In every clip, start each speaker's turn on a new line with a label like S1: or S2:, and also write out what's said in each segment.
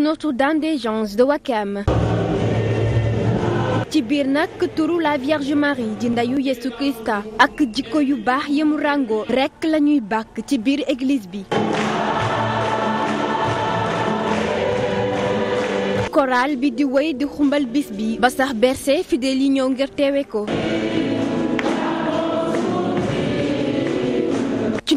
S1: Notre-Dame de Wakam. ci biir nag turu la Vierge Marie di ndeyu Yesu Krista ak jikko yu baax yemu mu ràngoo rekk lañuy ñuy bàkk ci biir église bi. chorale bi di wéy di xumbal bis bi ba sax berse fidèles yi ñëw ngir teewe ko.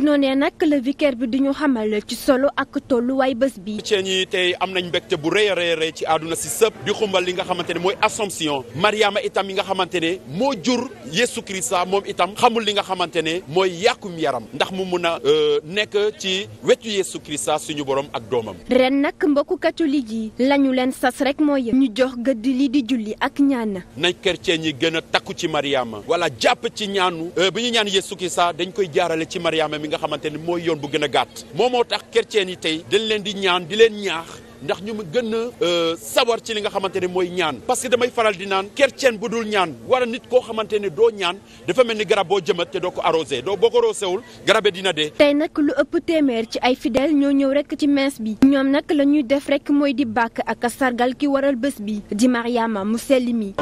S1: noonee nag la vicaire bi di ñu xamal ci solo ak tolluwaay bés bi
S2: chrétiens yi tey am nañ mbégte bu rëy a rëy ci àdduna si sëpp di xumbal li nga xamante ne mooy assomption Mariama itam yi nga xamante ne moo jur Yesu Krista moom itam xamul li nga xamante ne mooy yàqum yaram ndax mu mun a euh, nekk ci wetu Yesu Krista suñu borom ak doomam
S1: ren nag mbokku catholique yi lañu leen sas rek mooy ñu jox gëdd li di julli ak ñaan
S2: nañ chrétiens yi gën a takku ci Mariama wala jàpp ci ñaanu euh, ñu ñaan Yesu Krista dañ koy jaarale ci Mariama mi nga xamante ni mooy yoon bu gën a gàtt moo moo tax chrétiens yi tey dañ leen di ñaan di leen ñaax ndax ñu mu gën a euh, sawar ci li nga xamante ne mooy ñaan parce que damay faral di naan chrétien bu dul ñaan wala nit koo xamante ne doo ñaan dafa mel ni garab boo jëmat te doo ko arrosé doo boo ko roosewul garabe dina
S1: de tey nag lu ëpp téeméer ci ay fidèles ñoo ñëw rek ci mees bi ñoom nag lañuy def rek mooy di bàkk ak sargal ki waral bés bi di Mariama mu sell mi.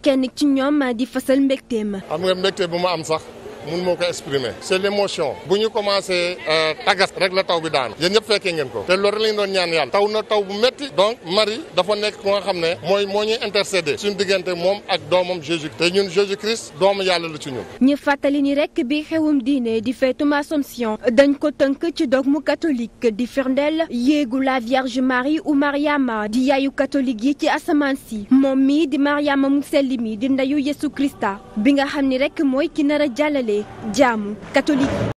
S1: kenn ci ñoom di fasal mbégteem.
S3: am nga mbégte bu am sax. mun moo ko exprimer c'est l'émotion bu ñu commencé euh, tagas rek la taw bi daanu yéen ñëpp fekkee ngeen ko te loolu lañ doon ñaan yàlla taw na taw bu métti donc Marie dafa nekk ku nga xam ne mooy moo ñuy intercéder suñu diggante moom ak doomam Jésus te ñun Jésus Christ doomu yàlla la ci ñun
S1: ñu fàttali ni rek bi xewum diine di feetum Assomption dañ ko tënk ci dogmu catholique di firndeel yéegu la Vierge Marie ou Mariama di yaayu catholique yi ci asamaan si moom mii di Mariama mu selli mi di ndeyu Yesu bi nga xam ni rek mooy ki nar a jàppale jaamu catholique